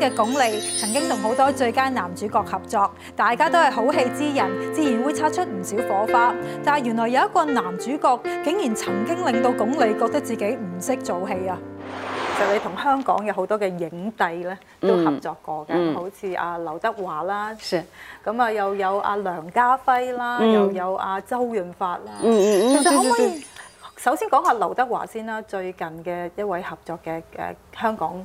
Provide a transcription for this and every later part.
嘅鞏俐曾經同好多最佳男主角合作，大家都係好戲之人，自然會擦出唔少火花。但係原來有一個男主角竟然曾經令到鞏俐覺得自己唔識做戲啊！其實你同香港有好多嘅影帝咧，都合作過嘅，好似阿劉德華啦，咁啊又有阿梁家輝啦，又有阿周潤發啦。嗯嗯嗯，其實可唔可以首先講下劉德華先啦？最近嘅一位合作嘅誒香港。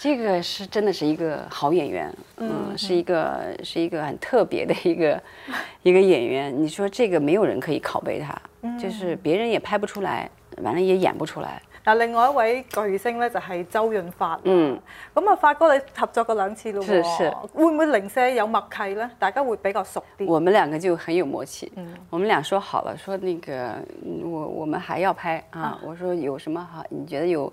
這個是真的是一個好演員，嗯，嗯是一個是一個很特別的一個、嗯、一個演員。你說這個沒有人可以拷貝他，嗯、就是別人也拍不出來，完了也演不出來。那另外一位巨星呢，就係周潤發，嗯，咁啊，發哥你合作過兩次了，是是，會唔會零舍有默契呢？大家會比較熟啲？我們兩個就很有默契，嗯，我們倆說好了，說那個我我們還要拍啊，啊，我說有什麼好？你覺得有？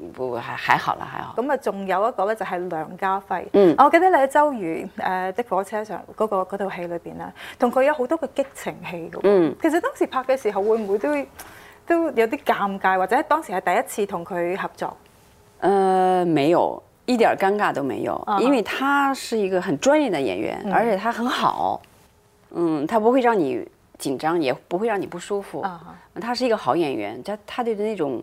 不不，還還好啦，還好。咁、嗯、啊，仲有一個咧，就係、是、梁家輝。嗯，我記得你喺周瑜誒、呃、的火車上嗰套戲裏邊啦，同、那、佢、個、有好多嘅激情戲嘅。嗯，其實當時拍嘅時候會唔會都都有啲尷尬，或者當時係第一次同佢合作？誒、呃，沒有，一點尷尬都沒有，uh -huh. 因為他是一個很專業的演員，uh -huh. 而且他很好。嗯，他不會讓你緊張，也不會讓你不舒服。啊、uh -huh. 他是一個好演員，他對那種。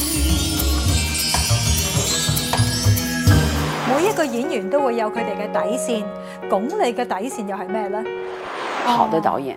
每一個演員都會有佢哋嘅底線，咁你嘅底線又係咩呢？好的導演，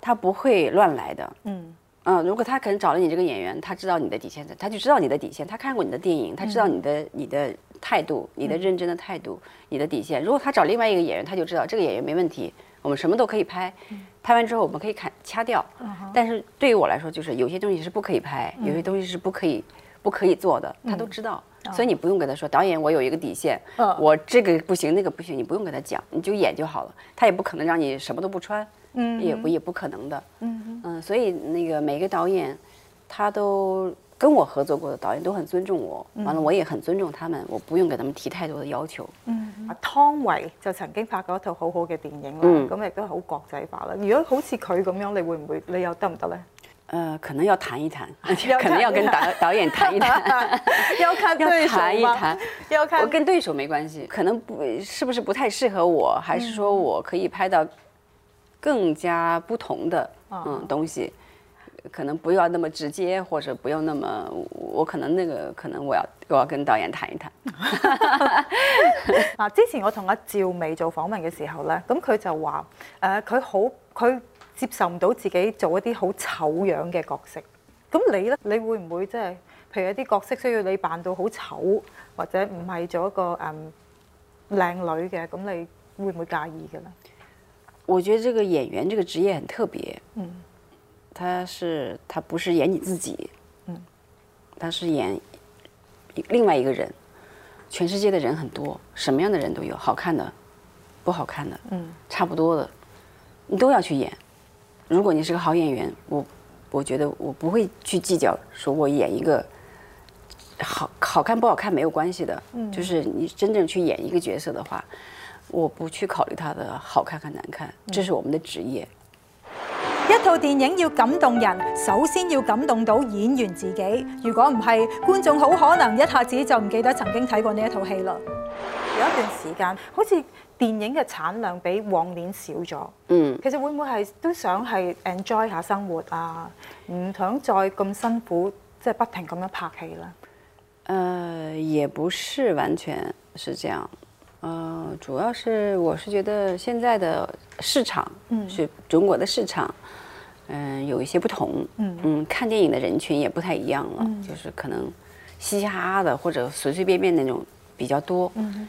他不會亂來的。嗯，嗯，如果他可能找了你這個演員，他知道你的底線，他就知道你的底線。他看過你的電影，他知道你的、嗯、你的、你的態度，你的認真的態度、嗯，你的底線。如果他找另外一個演員，他就知道這個演員沒問題，我們什麼都可以拍，嗯、拍完之後我們可以砍掐掉、嗯。但是對於我來說，就是有些東西是不可以拍，有些東西是不可以、嗯、不可以做的，他都知道。嗯 Oh. 所以你不用跟他說，導演我有一個底線，oh. 我這個不行，那個不行，你不用跟他講，你就演就好了。他也不可能讓你什麼都不穿，mm -hmm. 也不也不可能的。嗯、mm -hmm. 呃，所以那個每個導演，他都跟我合作過的導演都很尊重我，完了，mm -hmm. 我也很尊重他們，我不用給他們提太多的要求。Mm -hmm. 湯唯就曾經拍過一套好好嘅電影了，咁亦都好國際化啦。如果好似佢咁樣，你會唔會，你又得唔得呢？呃，可能要談一談，可能要跟導要導演談一談， 要看對手嗎？談一談，要看。我跟對手沒關係，可能不，是不是不太適合我？還是說我可以拍到更加不同的嗯，嗯東西？可能不要那麼直接，或者不用那麼，我可能那個，可能我要我要跟導演談一談。 啊、之前我同阿、啊、趙薇做訪問嘅時候呢，咁佢就話，佢、呃、好，佢。接受唔到自己做一啲好醜樣嘅角色，咁你呢？你會唔會即係，譬如一啲角色需要你扮到好醜，或者唔係做一個誒、嗯、靚女嘅？咁你會唔會介意嘅呢？我覺得這個演員這個職業很特別，嗯，他是他不是演你自己，嗯，他是演另外一個人，全世界的人很多，什麼樣的人都有，好看的，不好看的，嗯，差不多的，你都要去演。如果你是個好演員，我，我覺得我不會去計較，說我演一個好好看不好看沒有關係的，就是你真正去演一個角色的話，我不去考慮他的好看和難看，這是我們的職業。一套電影要感動人，首先要感動到演員自己，如果唔係，觀眾好可能一下子就唔記得曾經睇過呢一套戲了。有一段時間，好似。電影嘅產量比往年少咗，嗯，其實會唔會係都想係 enjoy 下生活啊？唔想再咁辛苦，即係不停咁樣拍戲啦。誒、呃，也不是完全是這樣，呃。主要是我是覺得現在的市場，嗯、是中國的市場，嗯、呃，有一些不同，嗯。嗯，看電影的人群也不太一樣了，嗯、就是可能嘻嘻哈哈的或者隨隨便便那種比較多。嗯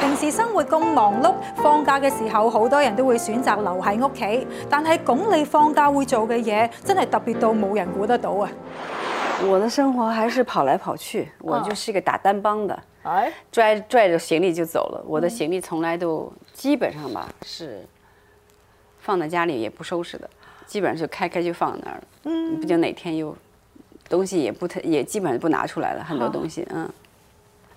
平時生活咁忙碌，放假嘅時候好多人都會選擇留喺屋企。但係嘉玲放假會做嘅嘢，真係特別到冇人估得到啊！我的生活還是跑來跑去，我就是一個打單幫的，嗯、拽拽着行李就走了。我的行李從來都基本上吧，是、嗯、放在家裏也不收拾的，基本上就開開，就放在那了。嗯，畢竟哪天又東西也不太，也基本上不拿出來了、嗯、很多東西，嗯。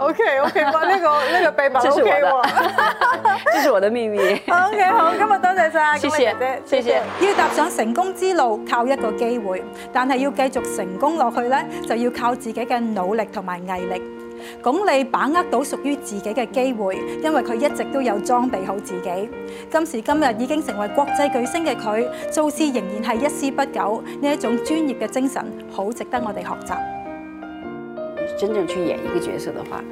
O K O K，把呢個呢個秘密，O K，這是我的秘密。O K 好，今日多謝晒，謝謝，謝謝。要踏上成功之路，靠一個機會，但係要繼續成功落去咧，就要靠自己嘅努力同埋毅力。嘉玲把握到屬於自己嘅機會，因為佢一直都有裝備好自己。今時今日已經成為國際巨星嘅佢，做事仍然係一絲不苟，呢一種專業嘅精神，好值得我哋學習。真正去演一個角色的話，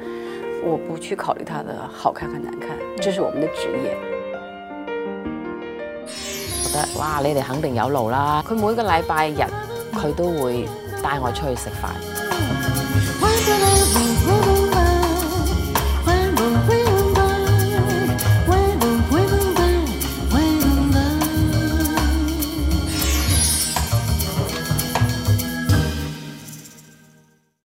我不去考慮他的好看和難看，這是我們的職業。覺得哇，你哋肯定有路啦！佢每個禮拜日佢都會帶我出去食飯。